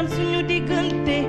am suñu diggante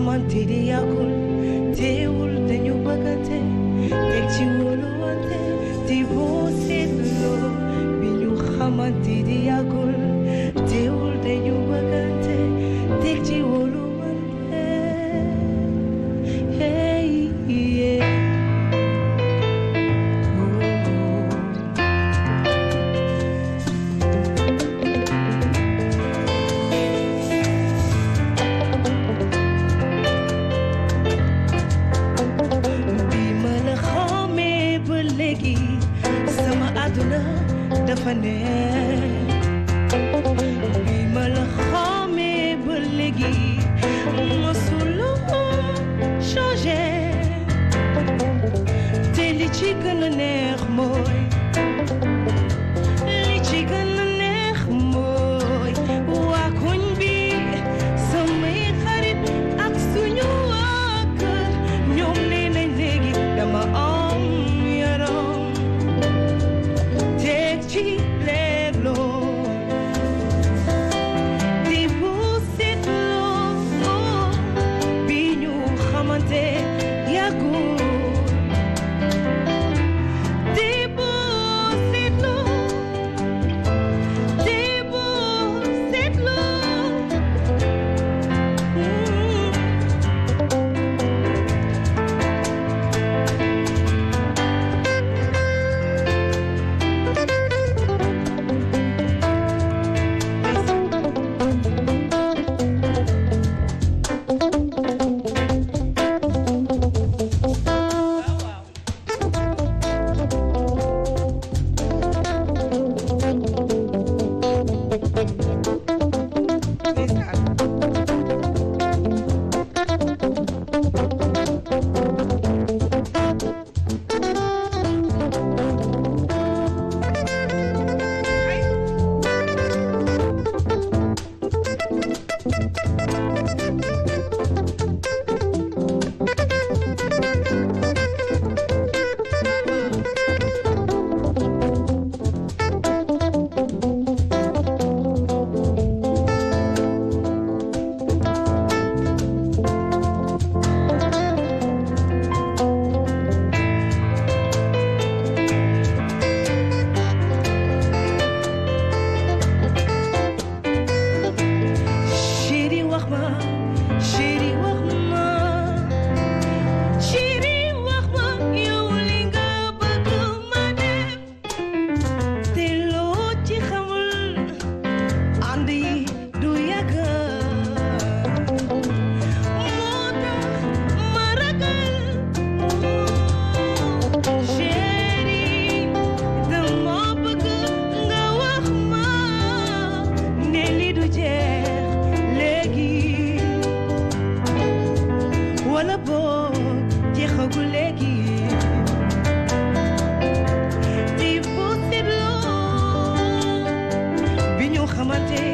aman tiri yakul te ul te nyubagate te chiwolo ante ti vose lo bi nyu khaman tiri yakul ci gën a neex mooy my day.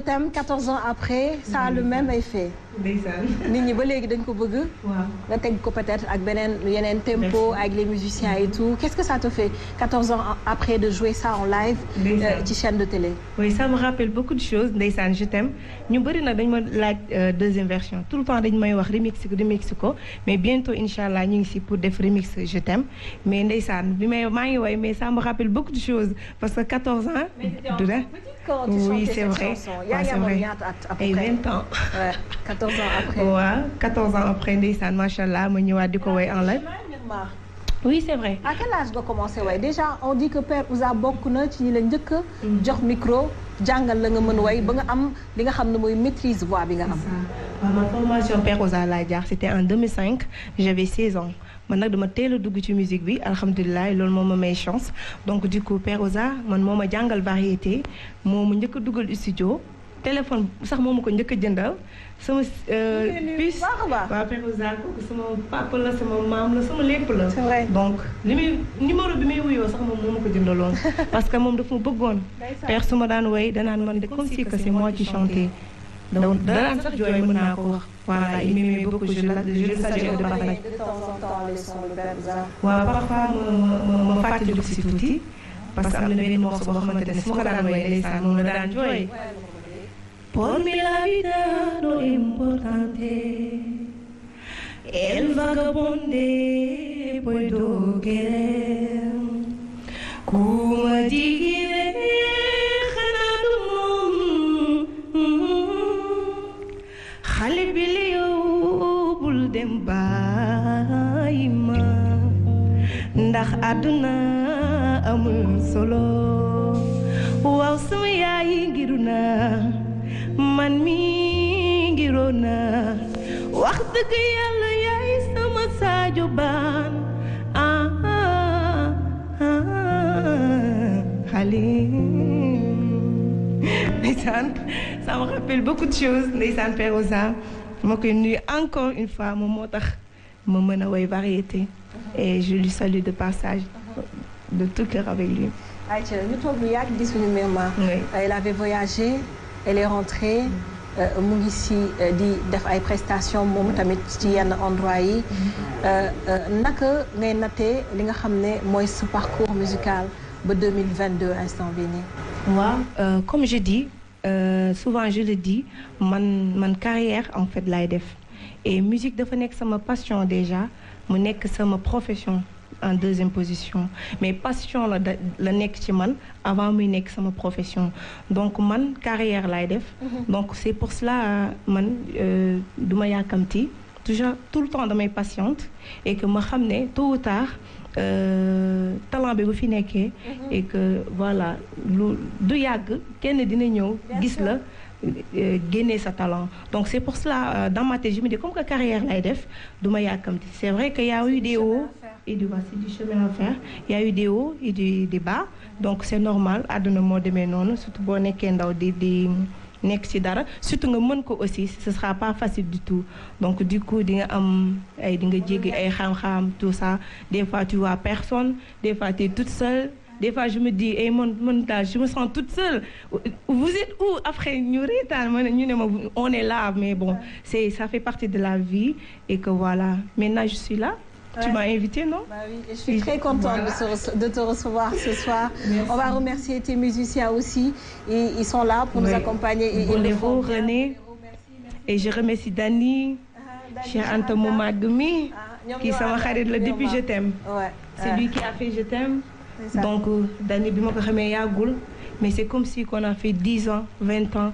le thème 14 ans après, ça a le mmh. même effet. nit ñi ba léegi dañ ko bëgg. waaw nga teg ko peut-être ak beneen yeneen tempo avec les musiciens et tout qu'est-ce que ça te fait 14 ans après de jouer ça en live. Euh, ci chaîne de télé. oui ça beaucoup de choses ndeysaan je t'aime ñu bëri dañ ma laaj euh, deuxième version tout le temps dañ may wax remix remix ko mais bientôt incha allah ñu ngi si pour def remix je t'aime mais ndeysaan bi may maa ngi woy mais ça me rappelle beaucoup de choses parce que 14 ans. du la c'est vrai waaw c'est vrai ay 20 ans. 14 ans après waaw 14 ndeysaan macha allah ma ñëwaat di ko woy en live. oui c' est vrai. à déjà on dit que Père Ouza bokk na ci ñu la njëkk mm. jox micro jàngal la nga mën way ba nga am li nga xam ne mooy maîtrise voix bi nga am. waaw ma formation Père Ouza laa jaar c' était en 2005 j'avais 16 ans man nag dama teel a dugg ci musique bi alhamdulilah loolu moom ma may chance donc du coup Père Ouza man moo ma jàngal variété moom mu njëkk a dugal studio. téléphone sax moom ko njëkk a jëndal sama. puce waaw Péroza kooku sama papa la sama maam la sama lépp la. donc li muy numéro bi muy wuyoo sax moom moo ko jëndaloon. parce que moom daf ma bëggoon. peer ma daan woy danaan man de comme si que c'est moi qui chantais. donc danaan sax jooy mën naa ko wax. voilà ma ma ma fàttaliku si tuuti. parce que am na benn morceau boo xamante ne su ma ko daan woy ndeysaan moom la daan jooy. Pour mi la vida no importante, el vagabonde puedo querer. Kuma digire xanatu moom xale bi la bul dem bàyyi ma ndax àdduna amul solo waaw sama yaay ngir naa man mi ngiroo naa wax dëgg yàlla yaay sama Sadio Baan ah, ah Halim ndeysaan ça me rappelle beaucoup de choses ndeysaan Feroza ma koy nuyu encore une fois moom moo tax ma mën a woy variété et je lui salue de passage de tout cœur avec lui. ayca ñu toog lu yàgg gisuñu Mermoz. oui il avait voyagé. elle est rentrée euh, mu ngi si euh, di def ay prestations moom tamit ci yenn endroit yi mm-hmm. euh, naka ngay nattee li nga xam ne mooy sa parcours musical ba 2022 instant bii nii. waaw comme je dis euh, souvent je le dis man man carrière en fait laay def et musique dafa nekk sama passion déjà mu nekk sama profession. en deuxième position mais passion la la nekk ci man avant muy nekk sama profession donc man carrière laay def mhm. donc c'est pour cela euh, man euh, du ma yàkkamti toujours tout le temps damay patiente et que ma xam ne tôt ou tard euh, talent bi bu fi nekkee mhm. et que voilà lu du yàgg kenn dina ñëw gis la génne sa talent donc c'est pour cela dans ma tête je me carrière lay def du ma yàkkamti c'est vrai que y a et du voici du chemin à faire y a eu des hauts donc c'est normal àdduna moo demee noonu surtout boo nekkee ndaw di di nekk ci dara surtout nga mën ko aussi ce sera pas facile du tout donc du coup di nga am ay di nga jéggi ay xam-xam tout ça des fois tu vois personne des fois tu es toute seule des fois je me dis ay eh, mon mon daal je me sens toute seule vous êtes où après ñu reetaan ma ne ñu ne ma on est là mais bon c'est ça fait partie de la vie et que voilà maintenant je suis là Ouais. Tu m'as invité, non bah oui, je suis très contente voilà. de, te recevoir ce soir. Merci. On va remercier tes musiciens aussi. Et ils sont là pour oui. nous accompagner. Bon et vous, René. Et je remercie Dani, ah, Dani cher Anta Moumagmi, ah, qui sont xarit la depuis Je t'aime. Ouais. C'est ouais. lui qui a fait Je t'aime. Donc, Dani, bima ko xamé yagul, mais c'est comme si qu'on a fait 10 ans, 20 ans.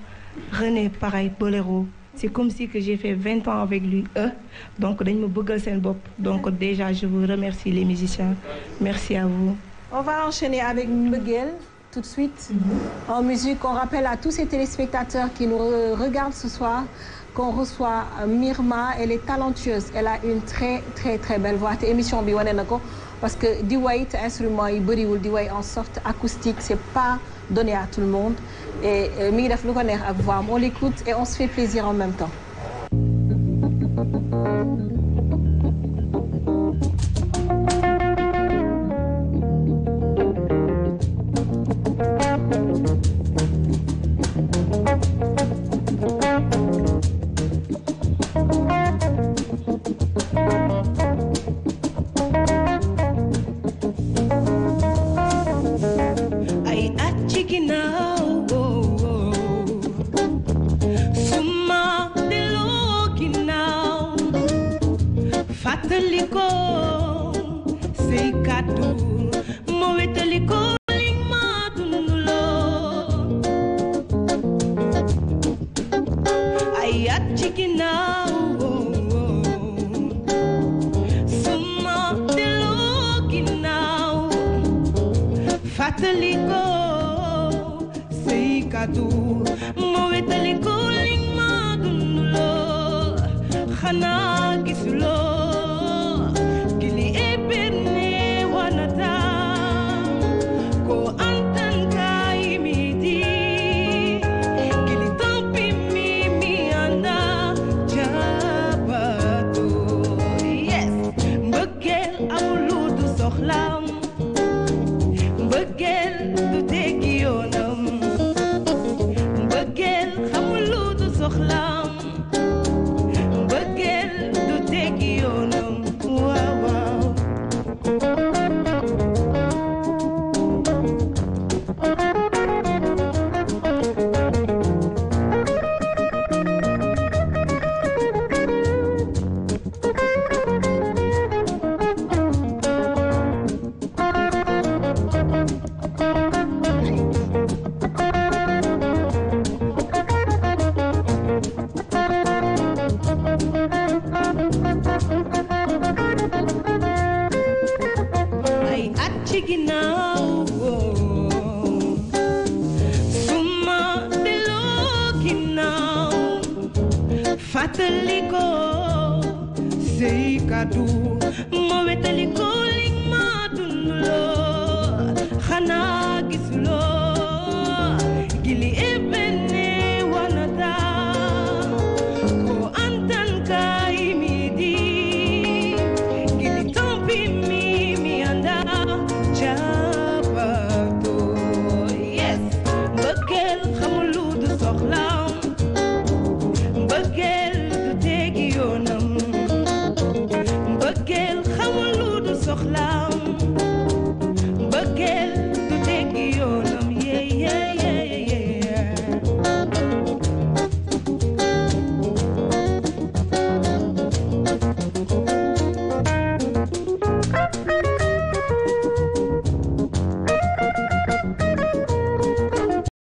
René, pareil, Boléro. c'est comme si que j'ai fait 20 ans avec lui eux donc dañ ma bëggal seen bopp donc déjà je vous remercie les musiciens merci à vous on va enchaîner avec Mbëggeel tout de suite mm-hmm. en musique on rappelle à tous ces téléspectateurs qui nous regardent ce soir qu'on reçoit euh, Myrma elle est talentueuse elle a une très très très belle voix te émission bi wane na ko parce que di way te instrument yi bëriwul di way en sorte acoustique c'est pas donné à tout le monde et mi ngi def lu ko neex ak voix am on l'écoute et on se fait plaisir en même temps